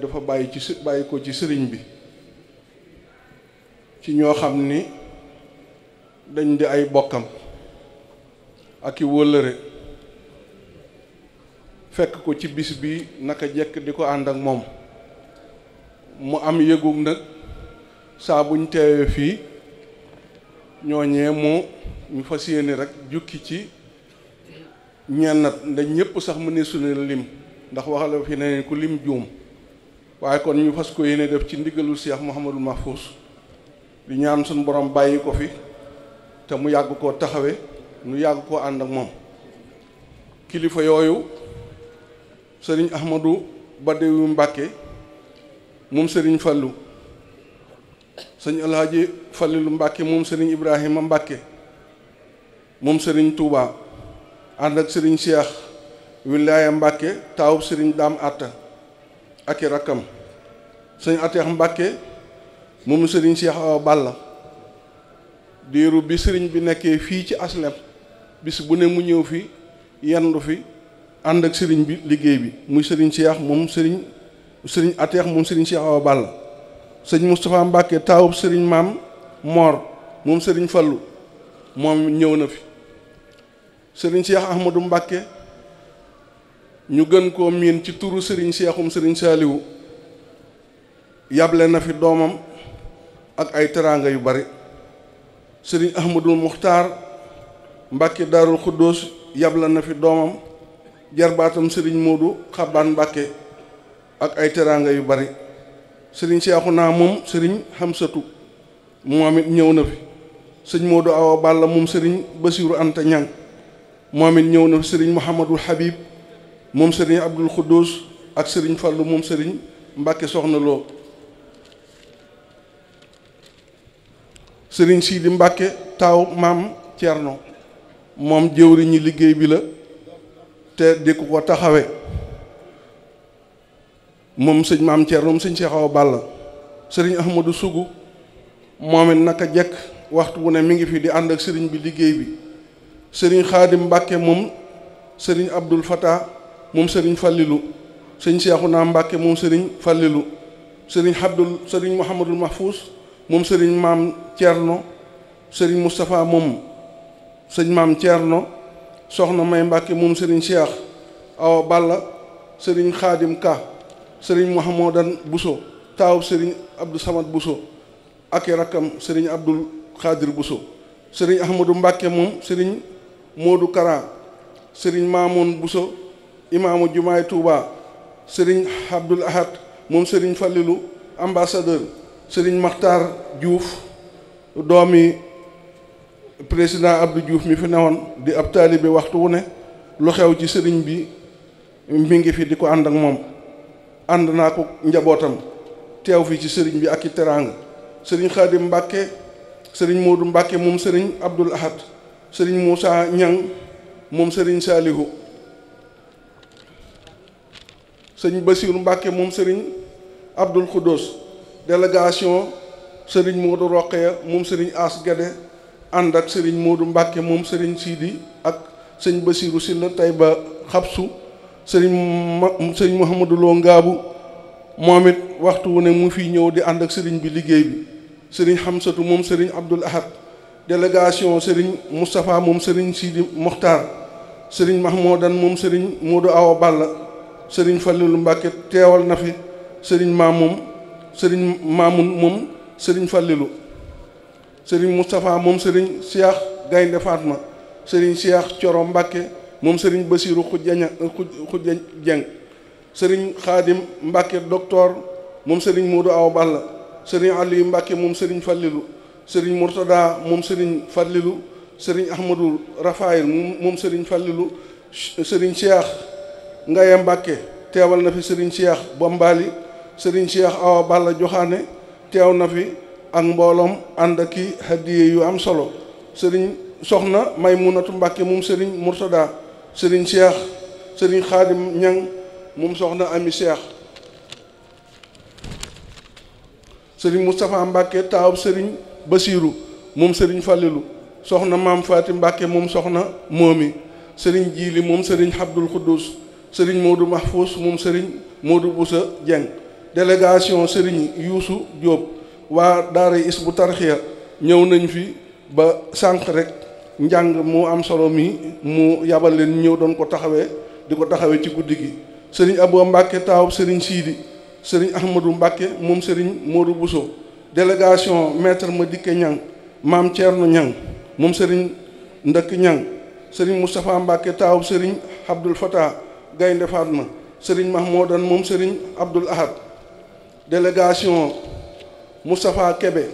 dafa bàyyi ci bàyyi ko ci sëriñ bi ci ñoo xam ni dañ di ay bokkam ak i wóllëre fekk ko ci bis bi naka jekk di ko ànd ak moom mu am yëgug nag saa buñ teewee fii ñooñee mu ñu fas yéene rek jukki ci ñennat ndax ñëpp sax mu ne suñu lim ndax waxala fi ne ku lim juum waaye kon ñu fas ko yéene def ci ndigalu Cheikh Mouhamadou Mahfous di ñaan suñ borom bàyyi ko fi te mu yàgg koo taxawe nu yàgg koo ànd ak moom kilifa yooyu sëriñ Ahmadou Badawi Mbàkke moom sëriñ Fallu sëñ Alhaji Fallilu Mbàkke moom sëriñ Ibrahima Mbàkke moom sëriñ tuuba ànd ak sëriñ Cheikh Wilaya Mbàkke taawub sëriñ Daam Atta ak i rakkam sëñ Ateex Mbàkke moom sëriñ Cheikh Awa Balla diiru bi sëriñ bi nekkee fii ci aslem bis bu ne mu ñëw fi yendu fi ànd ak sëriñ bi liggéey bi muy sëriñ Cheikh moom sëriñ sëriñ Ateex moom sëriñ Cheikh Awa Balla sëñ Moustapha Mbacke taawub sëriñ maam Mor moom sëriñ Fallu moom ñëw na fi sëriñ Cheikh Ahmadou Mbacke ñu gën koo miin ci turu sëriñ Cheikhum sëriñ Saliou yable na fi doomam ak ay teraanga yu bari sëriñ Ahmadou Muxtaar Mbàkke Daarul Xuddoos yabla na fi doomam jarbaatam sëriñ Moodu Xabaan Mbàkke ak ay teraanga yu bari sëriñ Seexuna moom sëriñ Xamsatu moom it ñëw na fi sëñ Moodu moom sëriñ Basiiru Anta Ñang moom ñëw na fi sëriñ moom sëriñ Abdul Xuddoos ak sëriñ Fallu moom sëriñ Mbàkke Soxna Lo sëriñ Sidi Mbàkke taaw maam Cerno moom jëwriñu liggéey bi la te di ko ko taxawe moom sëñ maam Thierno moom sëñ Cheikh Awa Balla sëriñ Ahmadou Sougou moom naka jekk waxtu wu ne mi ngi fi di ànd ak sëriñ bi liggéey bi sëriñ Xaadim Mbàkke moom sëriñ Abdul Fattah moom sëriñ Fallilu sëñ Seexuna Mbàkke moom sëriñ Fallilu sëriñ Abdul sëriñ Mouhamadul moom sëriñ maam Thierno sëriñ Moustapha moom sëñ maam Thierno soxna May Mbàkke moom sëriñ Cheikh Awa Balla sëriñ Xaadim Ka sëriñ Mouhamadan Bousso taaw sëriñ Abdou Samad Bousso ak i rakkam sëriñ Abdul Xaadir Bousso sëriñ Ahmadou Mbàkke moom sëriñ Modou Kara sëriñ Mamoun Bousso imaamu Jumaay Touba sëriñ Abdul Ahad moom sëriñ Fallilu ambassadeur sëriñ Makhtar Diouf doomi président Abdou Diouf mi fi newoon di ab taalibe waxtu wu ne lu xew ci sëriñ bi mi ngi fi di ko ànd ak moom ànd naa ko njabootam teew fi ci sëriñ bi ak i teraanga sëriñ Xaadim Mbàkke sëriñ Moodu Mbàkke moom sëriñ Abdul Ahad sëriñ Moussa Ñang moom sëriñ Saalihu sëriñ Basiiru Mbàkke moom sëriñ Abdul Xuddoos délégation sëriñ Moodu Roqeya moom sëriñ As Gede ànd ak sëriñ moodu Mbacke moom sëriñ Sidi ak sëñ Basirou Sylla tey ba xabsu sëriñ ma sëriñ Mouhamadou Ngaabu moom it waxtu wu ne mu fi ñëw di ànd ak sëriñ bi liggéey bi sëriñ Xamsatu moom sëriñ Abdoul Ahad délégation sëriñ Moustapha moom sëriñ Sidi Mokhtar sëriñ Mahmoudan moom sëriñ Modou Awa Balla sëriñ Fallilu Mbacke teewal na fi sëriñ Mamoum sëriñ Mamoun moom sëriñ Fallilu sëriñ Moustapha moom sëriñ Cheikh Gaynde Fatma sëriñ Cheikh Coro Mbàkke moom sëriñ Basiru Xujjaña Xujja Jeng sëriñ Xaadim Mbàkke docteur moom sëriñ Moodu Aw Balla sëriñ Aliyu Mbàkke moom sëriñ Fallilu sëriñ Murtada moom sëriñ Fallilu sëriñ Ahmadou Rafaayil moom sëriñ Fallilu sëriñ Cheikh Ngaye Mbàkke teewal na fi sëriñ Cheikh Bombali sëriñ Cheikh Awa Balla Joxaane teew na fi ak mbooloom ànd ak i hadiye yu am solo sëriñ soxna may Maymunatu Mbàkke moom sëriñ Murtada sëriñ Cheikh sëriñ Xaadim Ñang moom soxna Ami Cheikh sëriñ Moustapha Mbàkke taawub sëriñ Basiiru moom sëriñ Fàllilu soxna Maam Faati Mbàkke moom soxna moomi sëriñ Jiili moom sëriñ Abdul Xuddus sëriñ Moodu Mahfuus moom sëriñ Moodu Busa Jeng délégation sëriñ Yuusu Jóob waa daara Hizbut Tarqiyyah ñëw nañu fi ba sànq rek njàng mu am solo mi mu yabal leen ñëw doon ko taxawee di ko taxawee ci guddi gi sëriñ Abou Mbacke taawub sëriñ Sidi sëriñ Ahmadou Mbacke moom sëriñ Modou Bousso délégation ma Madické Niang maam Thierno Niang moom sëriñ Ndëkk Niang sëriñ Moustapha Mbacke taawub sëriñ Abdoul Fattah Gaynde Fatma sëriñ Mahmoudan moom sëriñ Abdoul Ahad délégation Moustapha Kebe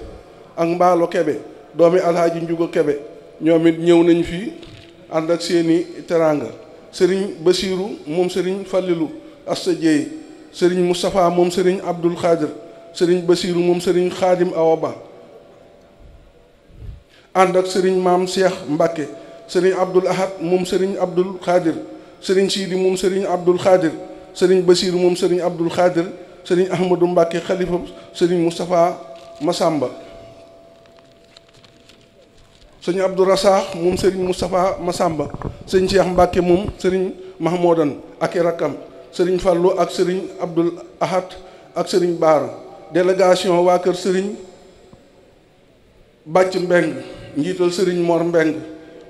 ak Mbaalo Kebe doomi Alhaaji Njugo Kebe ñoom ñëw nañu fii ànd ak seeni teraanga sëriñ Basiiru moom sëriñ Fallilu Asta Jeey sëriñ moom sëriñ Abdul Xaadir sëriñ Basiiru moom sëriñ Xaadim Awa Ba ànd ak sëriñ maam Cheikh Mbacke sëriñ Abdul Ahad moom sëriñ Abdul Xaadir sëriñ Siidi moom sëriñ Abdul Xaadir sëriñ Basiiru moom sëriñ Abdul Xaadir sëriñ Ahmadou Mbacke xalifa sëriñ Moustapha Massamba sëriñ Abdou Rassakh moom sëriñ Moustapha Massamba sëriñ moom sëriñ Mahmoudan ak i rakkam sëriñ Fallou ak sëriñ Abdoul Ahad ak sëriñ Baara délégation waa kër sëriñ Bàcc Mbeng njiital sëriñ Mor Mbeng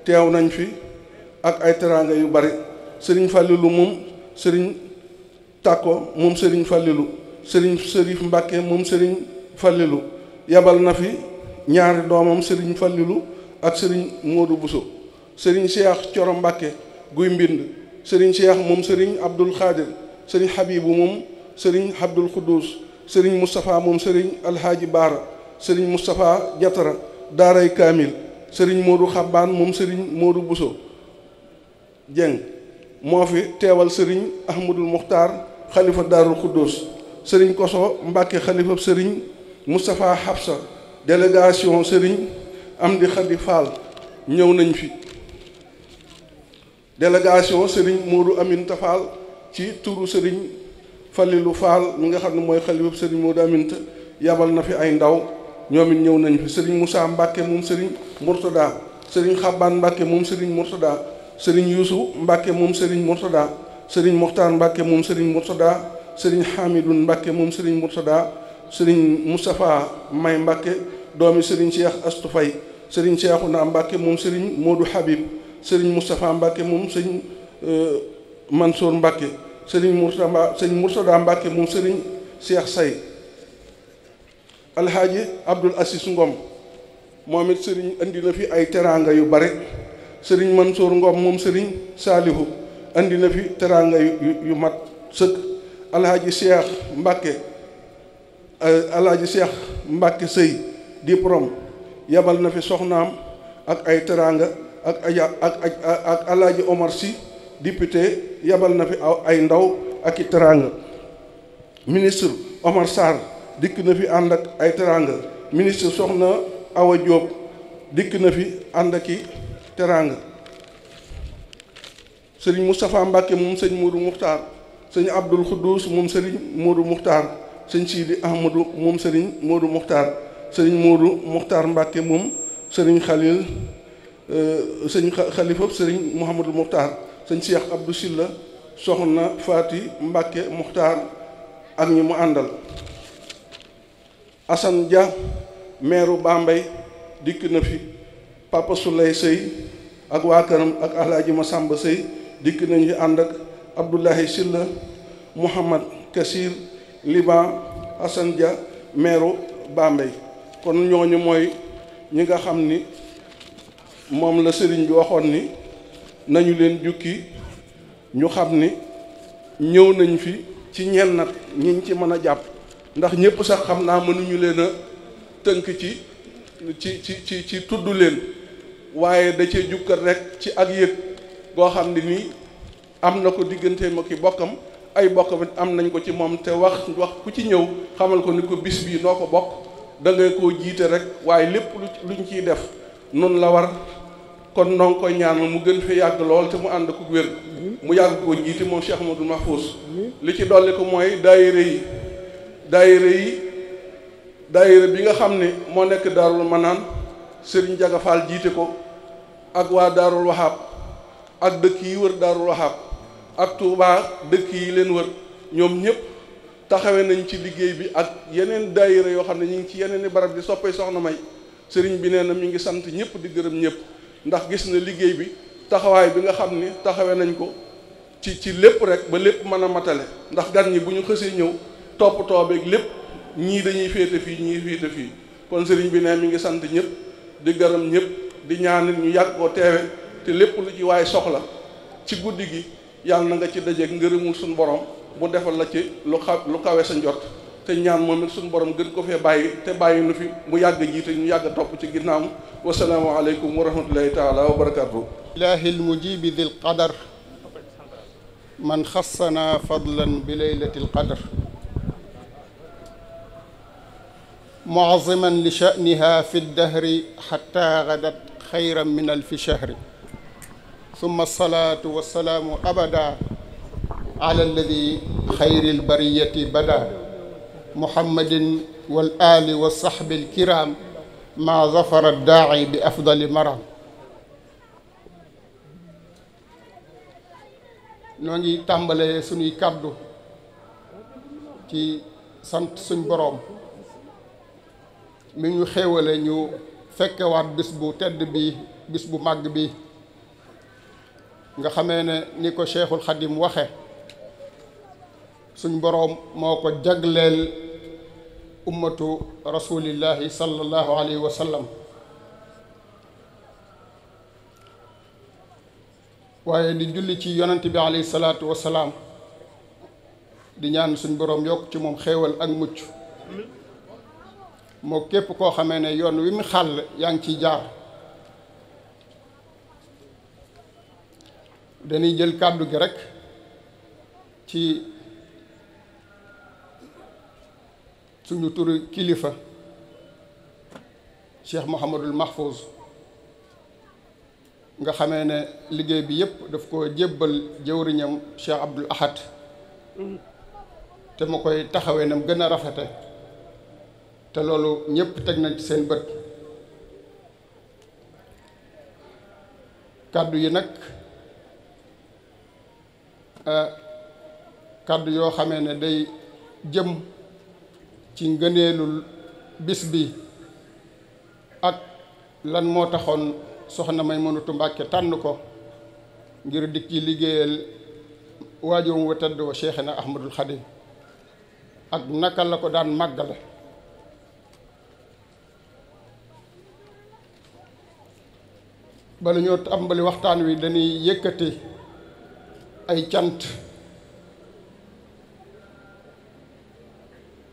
teew nañ fi ak ay teraanga yu bari sëriñ Fallilou moom sëriñ Tàkko moom sëriñ Fallilou sëriñ sërif mbàkke moom sëriñ fallilu yebal na fi ñaari doomam sëriñ fallilu ak sëriñ moodu buso sëriñ seex coro mbàkke guy mbind sëriñ seex moom sëriñ abdul xaadir sëriñ xabibu moom sëriñ abdul xuddus sëriñ moustapha moom sëriñ alhaaji baara sëriñ moustapha jatara daaray kaamil sëriñ moodu xabbaan moom sëriñ moodu buso jeng moo fi teewal sëriñ ahmadul muxtaar xalifa daarul xuddus sëriñ Koso Mbàkke xalifa sëriñ Moustapha Habsa délégation sëriñ Amdi Khadi Fall ñëw nañ fi délégation sëriñ Modou Aminta Fall ci turu sëriñ Falilu Fall mi nga xam ne mooy xalifa sëriñ Modou Aminta yabal na fi ay ndaw ñoom ñëw nañ fi sëriñ Moussa Mbàkke moom sëriñ Mourtada sëriñ Xabbaan Mbàkke moom sëriñ Mourtada sëriñ Yuusu Mbàkke moom sëriñ Mourtada sëriñ Moxtaar Mbàkke moom sëriñ Mourtada sëriñ Hamidou Mbacke moom sëriñ Mourtada sëriñ Moustapha May Mbacke doomi sëriñ Cheikh Astou Faye sëriñ Cheikhouna Mbacke moom sëriñ Modou Habib sëriñ Moustapha Mbacke moom sëriñ euh, Mansour Mbacke sëriñ Mourtada sëriñ Mourtada moom sëriñ Cheikh Say Alhaaji Abdoul Asis Ngom moom it sëriñ indina na fi ay teraanga yu bare sëriñ Mansour Ngom moom sëriñ Saalihu andi na fi teraanga yu mat sëkk alhaji cheikh mbàkke alhaji cheikh mbàkke sëy di prom yabal na fi soxnaam ak ay teraanga ak ay ak ak alhaji omar si député yabal na fi ay ndaw ak i teraanga ministre omar sarr dikk na fi ànd ak ay teraanga ministre soxna awa Diop dikk na fi ànd ak i teraanga sëriñ moustapha mbàkke moom sëñ muudu muxtaar sëñ Abdul Xuddus moom sëriñ Modou Muxtaar sëñ Sidi Ahmadou moom sëriñ Modou Muxtaar sëriñ Modou Muxtaar Mbàkke moom sëriñ Xalil euh, sëñ Xalifa sëriñ Mouhamadou Muxtaar sëñ Cheikh Abdou Silla soxna Faati Mbàkke Muxtaar ak ñi mu àndal Assane Dia meeru Bambey dikk na fi Papa Souley Sey ak waa këram ak Alaaji Masamba Sey dikk nañu ànd ak Abdoulaye Sylla Mouhamad Kassir Liban Assane ja meeru Bambey kon ñooñu mooy ñi nga xam ni moom la sëriñ bi waxoon ni nañu leen jukki ñu xam ni ñëw nañ fi ci ñenn nag ñiñ ci mën a jàpp ndax ñëpp sax xam naa mënuñu leen a tënk ci ci ci ci ci tudd leen waaye da cee jukkat rekk ci ak yëg boo xam ni nii am na ko digganteem ak i bokkam ay bokkam am nañ ko ci moom te wax wax ku ci ñëw xamal ko ni ko bis bii noo ko bokk da ngay koo jiite rek waaye lépp lu luñ ciy def noonu la war kon noo ngi koy ñaanal mu gën fi yàgg lool te mu ànd ko wér mu yàgg koo jiite moom Cheikh Amadou Mahfouz li ci dolli ko mooy daayira yi daayira yi daayira bi nga xam ne moo nekk daarul manaan sëriñ Jaga Fall jiite ko ak waa daarul waxaab ak dëkk yi wër daarul waxaab ak Touba dëkk yi leen wër ñoom ñëpp taxawe nañ ci liggéey bi ak yeneen daayira yoo xam ne ñu ngi ci yeneen i barab di soppee soxna may sëriñ bi nee na mi ngi sant ñëpp di gërëm ñëpp ndax gis na liggéey bi taxawaay bi nga xam ne taxawe nañ ko ci ci lépp rek ba lépp mën a matale ndax gan ñi bu ñu xësee ñëw topp toobeeg lépp ñii dañuy féete fii ñii féete fii kon sëriñ bi nee mi ngi sant ñëpp di gërëm ñëpp di ñaanal ñu yàgg koo teewe te lépp lu ci waay soxla ci guddi gi yàlla na nga ci dajeeg ngërëmul suñu borom mu defal la ci lu xa lu kawe sa njort te ñaan moom it suñu borom gën ko fee bàyyi te bàyyi nu fi mu yàgg jiite ñu yàgg topp ci ginnaam wasalaamu aleykum wa rahmatullahi taala wa barakaatu ilahi lmujibi dil qadar man xassana fadlan bi leylati lqadar muaziman li sha'niha fi ddahri xatta gadat xayran min alfi shahri summa salaatu wa salaamu abada ala alladi xayri albariyati bada muhammadin wal aali wa saxbi alkiram ma zafara daaci bi afdali maram noo ngi tàmbalee suñuy kàddu ci sant suñ boroom mi ñu xéewale ñu fekkewaat bis bu tedd bi bis bu màgg bi nga xame ne ni ko cheikhul xadim waxe suñ boroom moo ko jagleel ummatu rasulillahi sallallahu alayhi wa waaye di julli ci yonent bi alayhi salaatu wa salaam di ñaan suñ boroom yokk ci moom xéewal ak mucc moo képp koo xame ne yoon wi mu xàll yaa ngi ciy jaar dañuy jël kàddu gi rekk ci suñu turu kilifa Cheikh Mouhamadul Mahfouz nga xame ne liggéey bi yépp daf ko jébbal jëwriñam Cheikh Abdul Ahad te ma koy taxawee nam gën a rafete te loolu ñépp teg nañ ci seen bët kàddu yi nag kàddu yoo xamee ne day jëm ci ngëneelul bis bi ak lan moo taxoon soxna mënatu Mbàkke tànn ko ngir dikk ci liggéeyal waajurum wa tedd na Cheikhna Ahmadul Xadim ak naka la ko daan màggale bala ñoo tàmbali waxtaan wi dañuy yëkkati ay cant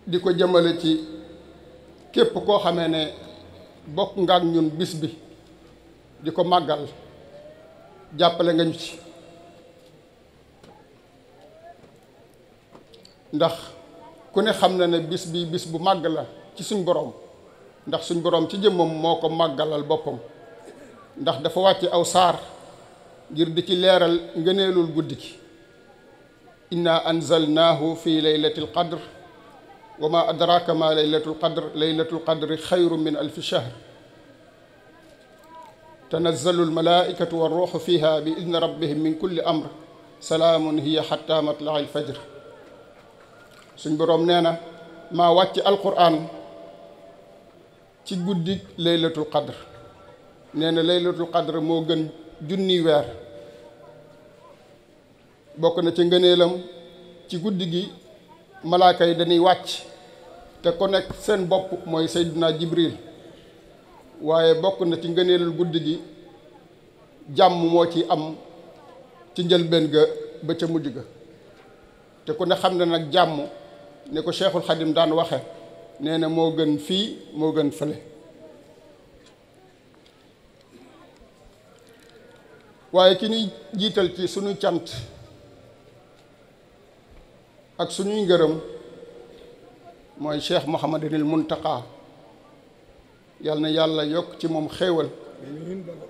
di ko jëmale ci képp koo xamee ne bokk nga ak ñun bis bi di ko màggal jàppale nga ñu ci ndax ku ne xam na ne bis bi bis bu màgg la ci suñ boroom ndax suñ boroom ci jëmmam moo ko màggalal boppam ndax dafa wàcce aw saar ngir di ci leeral ngëneelul guddi gi inna anzalnaahu fi laylatil qadr wa ma adraka ma laylatul qadr laylatul qadri xayru min alfi shahr tanazzalu almalaikatu warruuxu fiha bi idni rabbihim min kulli amr salaamun hiya xatta matlaci alfajr suñ boroom nee na maa wàcc alquraan ci guddi laylatul qadr nee na laylatul qadr moo gën junni weer bokk na ci ngëneelam ci guddi gi malaaka yi dañuy wàcc te ko nekk seen bopp mooy naa Jibril waaye bokk na ci ngëneelal guddi gi jàmm moo ci am ci njëlbeen ga ba ca mujj ga te ku ne xam ne nag jàmm ne ko Cheikhul Xadim daan waxe nee na moo gën fii moo gën fële waaye ki ñuy jiital ci suñu cant ak suñuy ngërëm mooy cheikh Mouhamadinil Muntaqa yal na yàlla yokk ci moom xéewal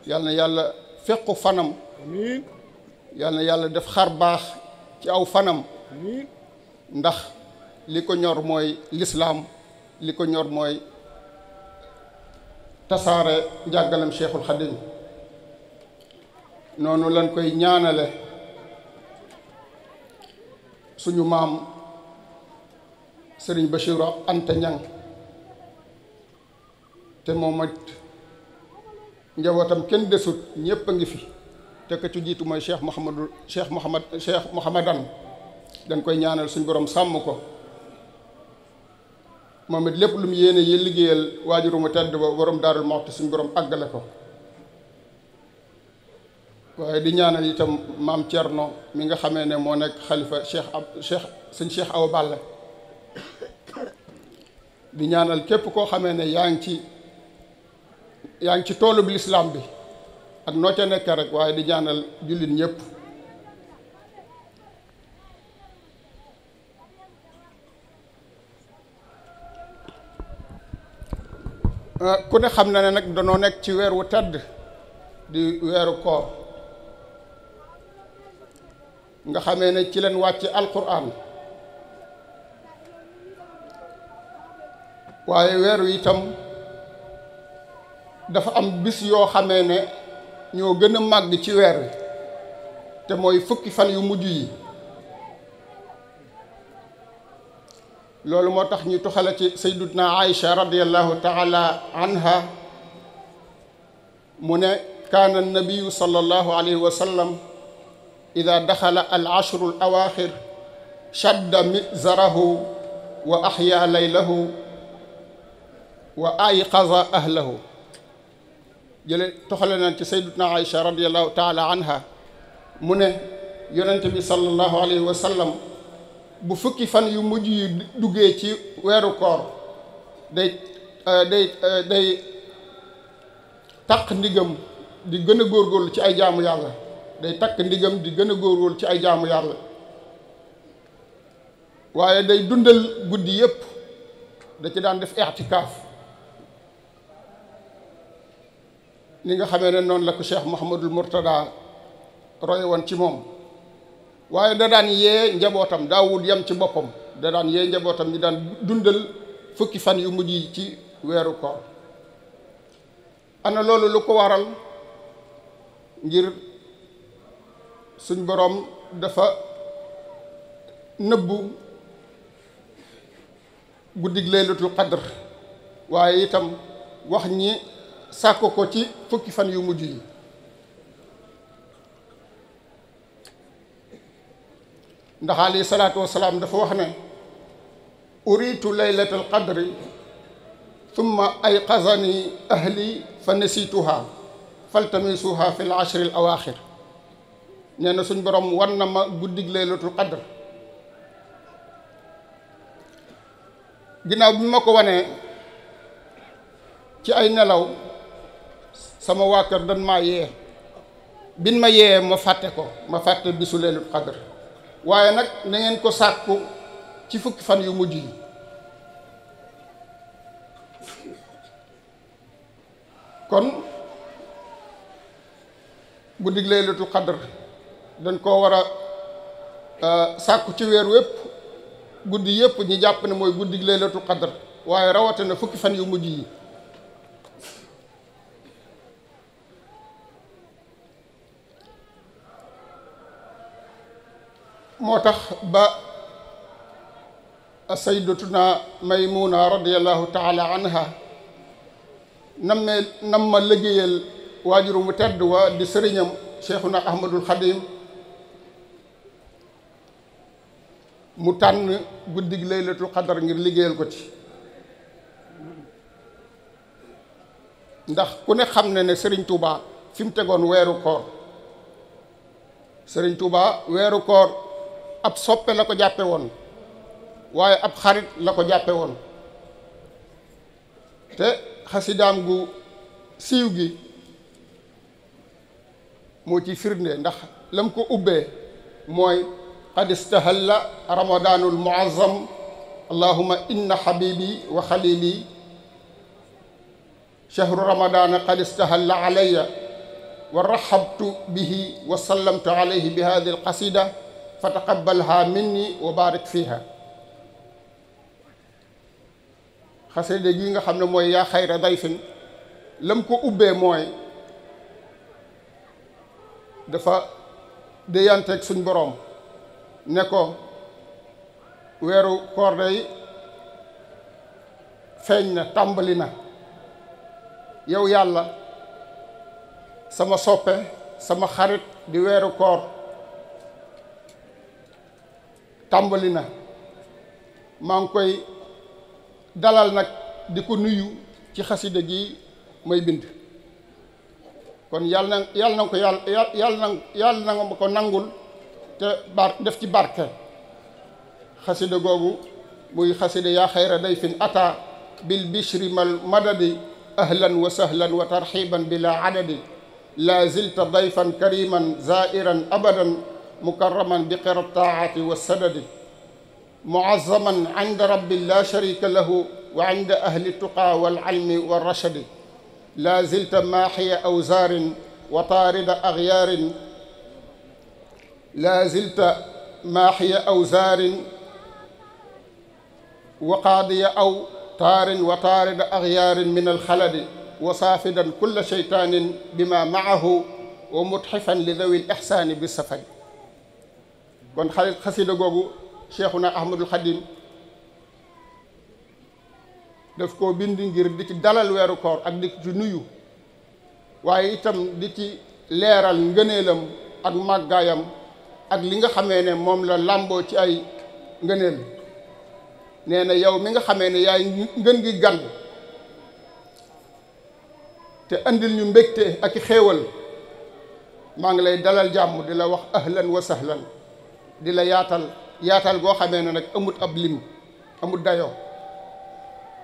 yàlla na yàlla fequ fanam yal na yàlla def xar baax ci aw fanam ndax li ko ñor mooy lislaam li ko ñor mooy tasaare njàngalem cheikhul xadim noonu lañ koy ñaanale suñu maam sëriñ ba Bachir Anta Ñang te moom it njabootam kenn desut ñëpp a ngi fi te ka ci jiitu mooy Cheikh Mouhamadou Cheikh Mouhamad Cheikh Mouhamadan dañ koy ñaanal suñu borom sàmm ko moom it lépp lu mu yéene yi liggéeyal waajuru mu tedd ba borom daarul moxti suñ borom àggale ko waaye di ñaanal itam maam Thierno mi nga xame ne moo nekk xalifa cheikh ab cheikh sëñ cheikh Awa Balla di ñaanal képp koo xame ne yaa ngi ci yaa ngi ci toolub lislaam bi ak noo ca nekk rek waaye di ñaanal jullit ñëpp ah, ku ne xam na ne nag danoo nekk ci weer wu tedd di weeru ko nga xame ne ci leen wàcce alquran waaye weeru itam dafa am bis yoo xamee ne ñoo gën a màgg ci weer wi te mooy fukki fan yu mujj yi loolu moo tax ñu tuxale ci saydutna aïcha radiallahu taala anha mu ne kaana nabiyu sallallahu alayhi wa sallam ida daxala al ashru al awaaxir mizarahu wa axya laylahu wa ayqaza ahlahu jële toxale naan ci sayyidatuna Aïcha radiyallahu taala anha mu ne yonent bi sallallahu alayhi wa bu fukki fan yu mujj yu duggee ci weeru koor day euh, day euh, day ndigam di gën a góorgóorlu ci ay jaamu yàlla day takk ndigam di gën a góorgóorlu ci ay jaamu yàlla waaye day dundal guddi yépp da ci daan def i'tikaaf ni nga xamee ne noonu la ko Cheikh Mouhamadul Mourtada roy woon ci moom waaye da daan yee njabootam daawul yem ci boppam da daan yee njabootam ñi daan dundal fukki fan yu mujj yi ci weeru koor ana loolu lu ko waral ngir suñ boroom dafa nëbbu guddig laylatul qadr waaye itam wax ñi sàkk ko ci fukki fan yu mujj yi ndax alayhi salaatu wasalaam dafa wax ne uritu laylatul qadri thumma ayqazani ahli fa nasituha faltamisuha fi l ashri al nee na suñ borom war na ma guddig laylatul qadr ginnaaw bi ma ko wanee ci ay nelaw sama waa kër dañ maa yee bin ma yee ma fàtte ko ma fàtte bisu laylatul qadr waaye nag na ko sàkku ci fukki fan yu mujj yi kon guddig laylatul qadr dañ koo war a euh, sàkku ci weer wépp guddi yëpp ñi jàpp ne mooy guddi laylatul qadr waaye rawatina fukki fan yu mujj yi moo tax ba sayyidatuna maymuna radiyallahu taala anha nammee nam ma liggéeyal waajuru mu tedd wa di sëriñam cheikhuna ahmadul xadim mu tànn guddig laylatul xadar ngir liggéeyal ko ci ndax ku ne xam ne ne sëriñ Touba fi mu tegoon weeru koor sëriñ Touba weeru koor ab soppe la ko jàppe woon waaye ab xarit la ko jàppe woon te xasidaam gu siiw gi moo ci firnde ndax lam ko ubbee mooy قد استهل رمضان المعظم اللهم إن حبيبي وخليلي شهر رمضان قد استهل علي ورحبت به وسلمت عليه بهذه القصيدة فتقبلها مني وبارك فيها xasida gi nga xam ne mooy yaa xayra dayfin lam ko ubbee mooy dafa déyanteeg suñ boroom ne ko weeru koor day feeñ na tàmbali na yow yàlla sama soppe sama xarit di weeru koor tàmbali na maa ngi koy dalal nag di ko nuyu ci xasida gi may bind kon yàlla na yàlla na ko yàlla yàlla na yàlla na ma ko nangul te bar def ci barke xasida googu muy xasida yaa xayra day fin ata bil bishri mal madadi ahlan wa sahlan wa tarxiban bila adadi la zilta dayfan kariman zairan abadan mukarraman bi qira taati wa sadadi muazzaman inda rabbi la sharika lahu wa inda ahli tuqa wal ilmi wa rashadi la zilta maaxiya awzaarin wa taarida axyaarin laa zilta maaxiya aw zaarin wa qaadiya aw taarin wa taarida axyaarin min alxaladi wa saafidan kulla sheytaanin bima maahu wa mutxifan li dawi l ixsaani bi safari kon xasida googu cheikhuna ahmadul xadim daf koo bind ngir di ci dalal weeru koor ak di ci nuyu waaye itam di leeral ngëneelam ak màggaayam ak li nga xamee ne moom la làmboo ci ay ngëneel nee na yow mi nga xamee ne yaay ngën gi gan te andil ñu mbégte ak xéewal maa ngi lay dalal jàmm di la wax ahlan wa sahlan di la yaatal yaatal goo xamee ne nag amut ab lim amut dayoo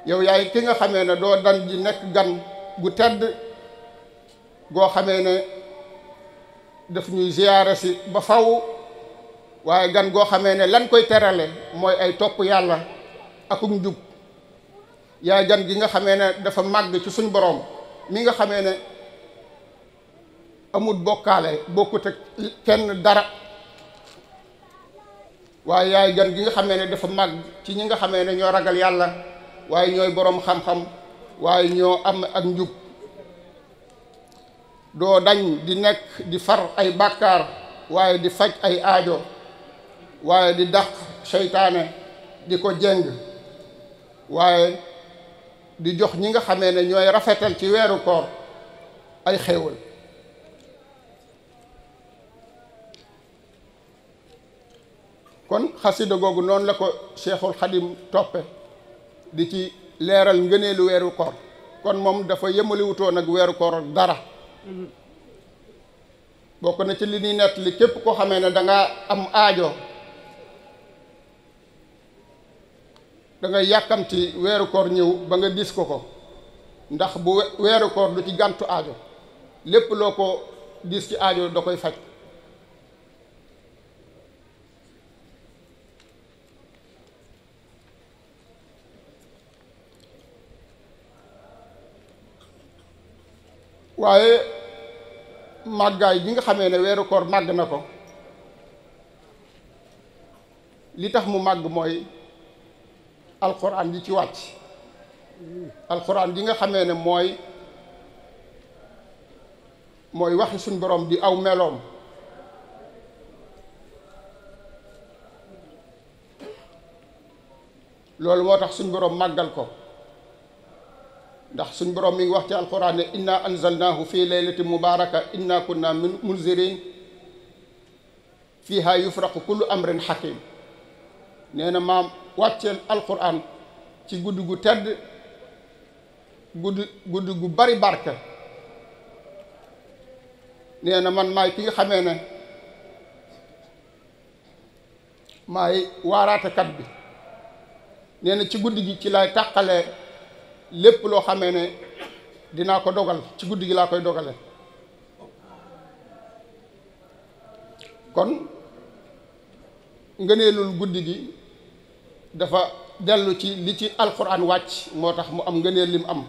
yow yaay ki nga xamee ne doo dan ji nekk gan gu tedd goo xamee ne daf ñuy ziyaare si ba faw waaye gan goo xamee ne lan koy terale mooy ay topp yàlla ak njub yaay gan gi nga xamee ne dafa màgg ci suñ boroom mi nga xamee ne amut bokkaale bokkut ak kenn dara waaye yaay gan gi nga xamee ne dafa màgg ci ñi nga xamee ne ñoo ragal yàlla waaye ñooy boroom xam-xam waaye ñoo am ak njub doo dañ di nekk di far ay bàkkaar waaye di faj ay aajo waaye di dàq seytaane di ko jeng waaye di jox ñi nga xamee ne ñooy rafetal ci weeru koor ay xéewal kon xasida googu noonu la ko Cheikhul Xadim toppe di ci leeral ngëneelu weeru koor kon moom dafa yëmaliwutoon ak weeru koor dara bokk na ci li ñuy nettali képp koo xamee ne danga am ajo danga yàkkamti weeru koor ñëw ba nga dis ko ko ndax bu weeru koor du ci gàntu aajo lépp loo ko diis ci ajo da koy faj waaye màggaay gi nga xamee ne weeru koor màgg na ko li tax mu màgg mooy alxuraan yi ci wàcc alxuraan yi nga xamee ne mooy mooy waxi suñ borom di aw meloom loolu moo tax suñ borom màggal ko ndax suñ borom mi ngi wax ci alquran ne inna anzalnahu fi laylatin mubaraka inna kunna munzirin fiha yufraqu kullu amrin hakim nee na maam wàcceel alxuraan ci guddi gu tedd guddi gu bari barke nee na man maay ki nga xamee ne maay waaraatekat bi nee na ci guddi gi ci lay tàqalee lépp loo xamee ne dinaa ko dogal ci guddi gi laa koy dogale kon ngëneelul guddi gi dafa dellu ci li ci alxuraan wàcc moo tax mu am li mu am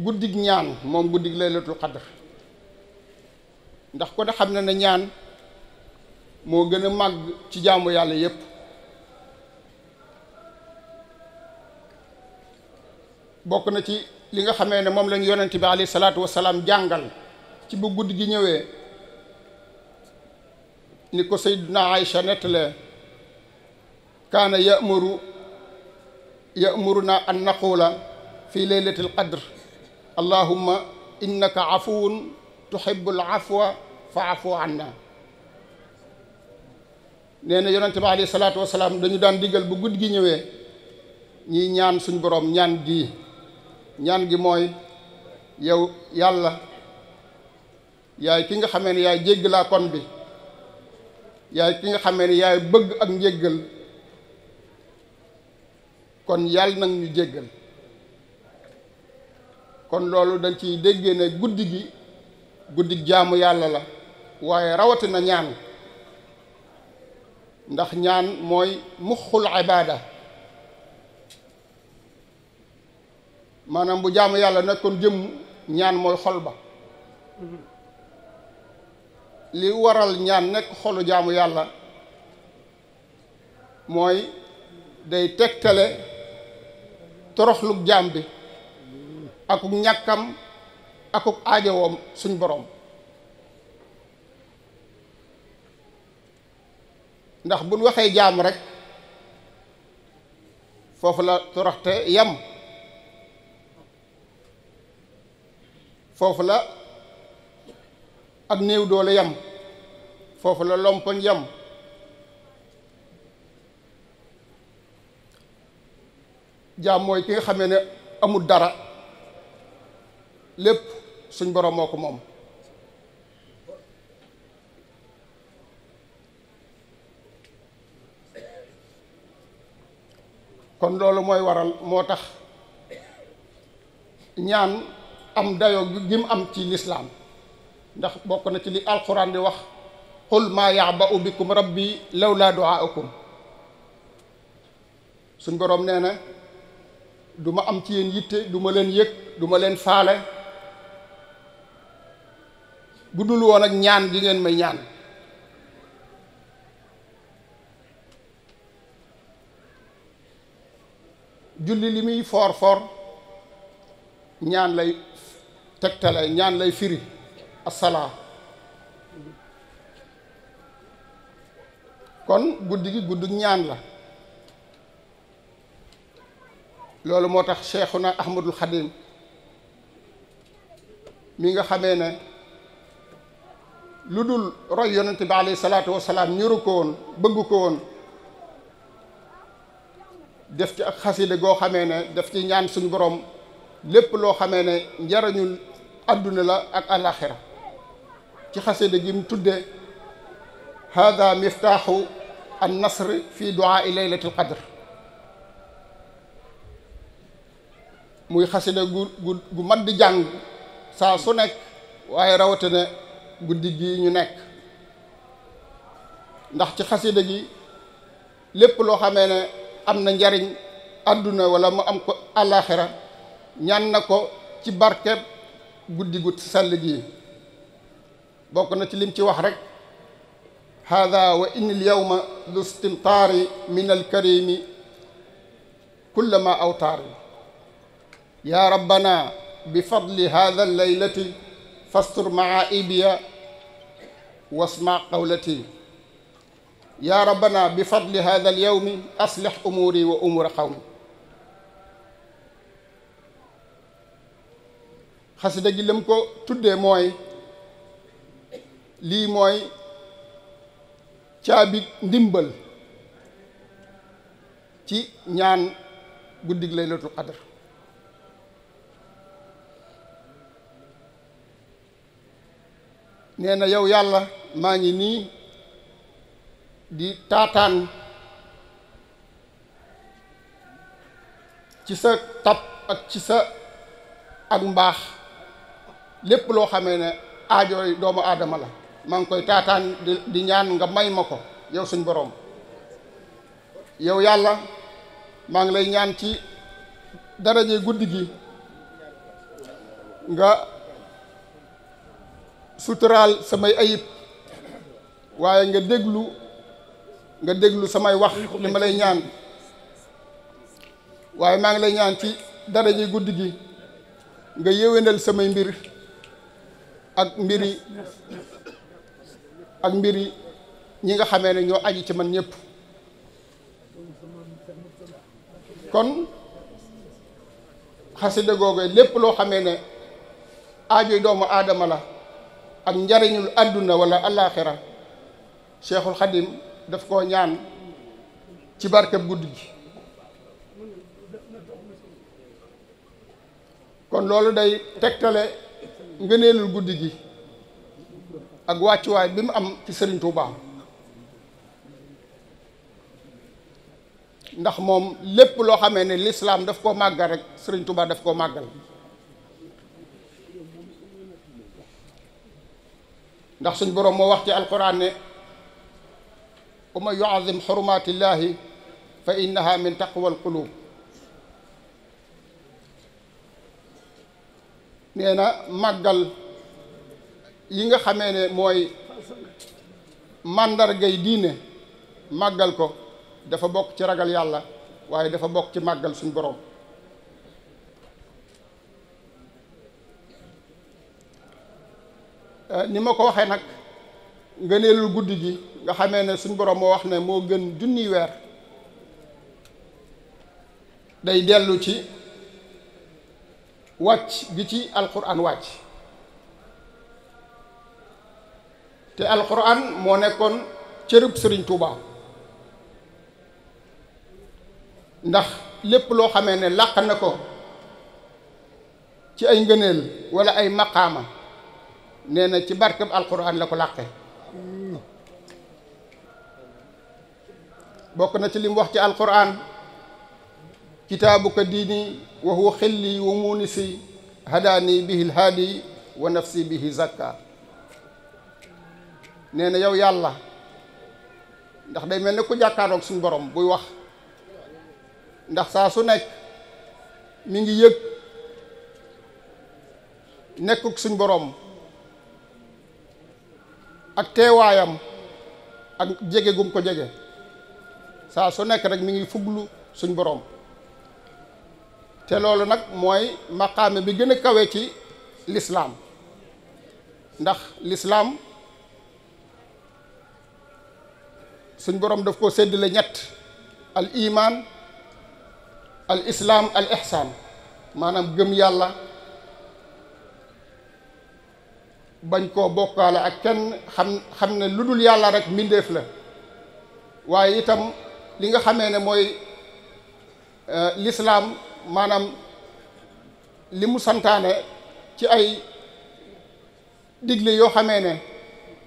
guddig ñaan moom guddig laylatul xadr ndax ko ne xam na ñaan moo gën a màgg ci jaamu yàlla yépp bokk na ci li nga xamee ne moom lañ yonent bi alayhi salaatu wasalaam jàngal ci bu guddi gi ñëwee ni ko sayyiduna Aïcha nettalee kaana ya'muru ya'muruna an naquula fi laylatil qadr allahumma innaka afuwun tuhibbul afwa fa afu anna nee na yonente bi alayhi salaatu wasalaam dañu daan diggal bu guddi gi ñëwee ñi ñaan suñ boroom ñaan gi ñaan gi mooy yow yàlla yaay ki nga xamee ne yaay jéggalaa kon bi yaay ki nga xamee ne yaay bëgg ak njéggal kon yàlla nag ñu jéggal kon loolu dañ ciy déggee ne guddi gi guddi jaamu yàlla la waaye rawatina ñaan ndax ñaan mooy muxul ibaada maanaam bu jaamu yàlla nekkoon jëmm ñaan mooy xol ba li waral ñaan nekk xolu jaamu yàlla mooy day tegtale toroxlu jaam bi ak ñàkkam akuk aajowoom suñ boroom ndax buñ waxee jaam rek foofu la toroxte yam foofu la ak néew doole yam foofu la lompoñ yam jaam mooy ki nga xamee ne amul dara lépp suñ borom moo ko moom kon loolu mooy waral moo tax ñaan am dayoo gi mu am ci lislaam ndax bokk na ci li alquran di wax qul maa ya'ba'u bikum rabbi lawlaa du'aa'ukum suñ boroom nee na du am ci yéen yitte du leen yëg duma leen faale bu woon ak ñaan gi ngeen may ñaan julli li muy foor foor ñaan lay tegtale ñaan lay firi assalaa kon guddi gi guddug ñaan la loolu moo tax Cheikhuna Ahmadul Xadim mi nga xamee na lu dul roy yonente bi alayhi salaatu ko woon bëggu ko woon def ci ak xasida goo xamee ne def ci ñaan suñu borom lépp loo xamee ne njariñul àdduna la ak alaxira ci xasida gi mu tudde hada miftaaxu an nasr fi duaai laylatil qadr muy xasida gu gu gu mat di jàng saa su nekk waaye rawatine guddi gii ñu nekk ndax ci xasida gi lépp loo xamee ne am na njariñ àdduna walla mu am ko àllaaxira ñaan na ko ci barkeb guddi gu sell gii bokk na ci lim ci wax rek hada wa in al yawma du istimtaari min alkarimi kullama awtaari ya rabbana bi fadli hada laylati fastur maaibiya wasma qawlati yaa rabbana bi fadli hada alyawmi aslix umuuri wa umuura qawmi xasida gi lam ko tuddee mooy lii mooy caabi ndimbal ci ñaan guddig laylatul qadr nee na yow yàlla maa ngi nii di taataan ci sa tab ak ci sa ak mbaax lépp loo xamee ne aajooy doomu aadama la maa ngi koy taataan di ñaan nga may ma ko yow suñ boroom yow yàlla maa ngi lay ñaan ci daraje guddi gi nga suturaal samay ayib waaye nga déglu nga déglu samay wax li ma lay ñaan waaye maa ngi lay ñaan ci daraje guddi gi nga yéwénal samay mbir ak mbiri ak mbiri ñi nga xamee ne ñoo aji ci man ñëpp kon xasida googu lépp loo xamee ne aajoy doomu aadama la ak njariñul àdduna walla alaaxira cheikhul xadim daf koo ñaan ci barkeb guddi gi kon loolu day tegtale ngëneelul guddi gi ak wàccuwaay bi mu am ci sëriñ Tuubaa ndax moom lépp loo xamee ne lislaam daf koo màggal rek sëriñ Tuubaa daf koo màggal ndax suñ boroom moo wax ci alquran ne wa man yuazim xurumatillahi fa innaha min wal alqulub nee na màggal yi nga xamee ne mooy màndargay diine màggal ko dafa bokk ci ragal yàlla waaye dafa bokk ci màggal suñ boroom Eh, ni ma ko waxee nag ngëneelul guddi gi nga xamee ne suñ borom moo wax ne moo gën junni weer day dellu ci wàcc gi ci alquran wàcc te alquran moo nekkoon cërub sëriñ Tuuba ndax lépp loo xamee ne làq na ko ci ay ngëneel walla ay maqaama nee na ci barkeb alquran la ko làqe bokk na ci lim wax ci alquran kitaabuka diini wa huwa xilli wa muunisi hadaani bihi lhaadi wa nafsi bihi zakka nee na yàlla ndax day mel ne ku jàkkaarook suñu borom buy wax ndax saa su nekk mi ngi yëg nekkuk suñ borom ak teewaayam ak jege gum ko jege saa su nekk rek mu ngi fuglu suñ boroom te loolu nag mooy maqaame bi gën a kawe ci lislaam ndax lislaam suñ boroom daf ko séddale ñett al iman al islaam al ihsaan maanaam gëm yàlla bañ koo bokkaale ak kenn xam xam ne lu dul yàlla rek mbindeef la waaye itam li nga xamee ne mooy euh, lislaam maanaam li mu santaane ci ay digle yoo xamee ne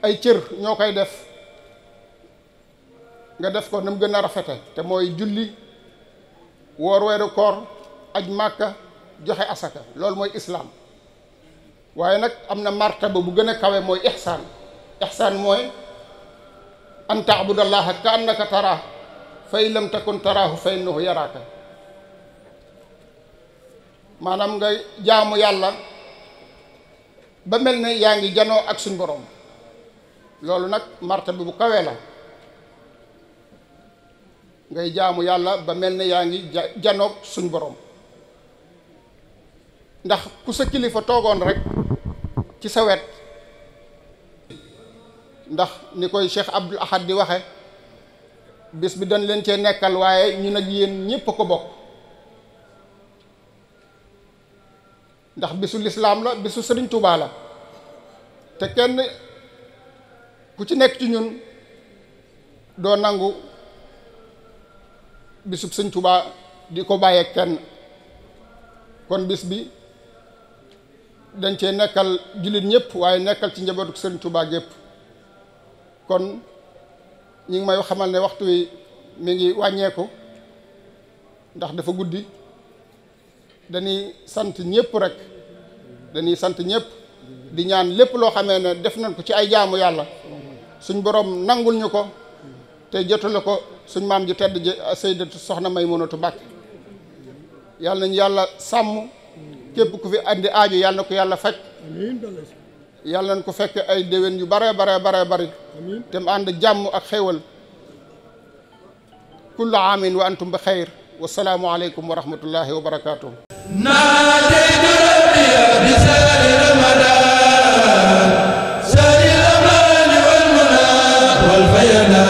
ay cër ñoo koy def nga def ko ni mu gën a rafete te mooy julli woor weeru koor aj màkka joxe asaka loolu mooy islaam waaye nag am na martaba bu gën a kawee mooy ixsaan ixsaan mooy an taabudallaha ka annaka taraahu fa fay lam takun taraahu fa innahu yaraaka maanaam ngay jaamu yàlla ba mel na yaa ngi janoo ak suñ boroom loolu nag bi bu kawee la ngay jaamu yàlla ba mel ne yaa ngi janoog suñ borom ndax ku sa kilifa toogoon rek ci sa wet ndax ni koy Cheikh Abdul Ahad di waxe bis bi dañ leen cee nekkal waaye ñu nag yéen ñépp a ko bokk ndax bisu lislaam la bisu sëriñ Tuubaa la te kenn ku ci nekk ci ñun doo nangu bisu sëriñ Tuubaa di ko bàyyee kenn kon bis bi dañ cee nekkal jullit ñëpp waaye nekkal ci njabootu Sëriñ Tuubaa gépp kon ñi ngi may xamal ne waxtu wi mi ngi wàññeeku ndax dafa guddi dañuy sant ñëpp rek dañuy sant ñëpp di ñaan lépp loo xamee ne def nañ ko ci ay jaamu yàlla suñ borom nangul ñu ko te jotale ko suñ maam ju tedd ji Sayyidatu Soxna Maymunatu Mbàkke yàlla nañu yàlla sàmm képp ku fi andi aajo yàlla na ko yàlla faj yàlla nañ ko fekk ay déwén yu bare bare bare bari te mu jàmm ak xéwal kullu aamin wa antum bi xayr wa salaamu aleykum wa rahmatullahi wa barakaatuh naataytu rabbiya bi sari ramadan sari ramadan wal munaa wal fayanaa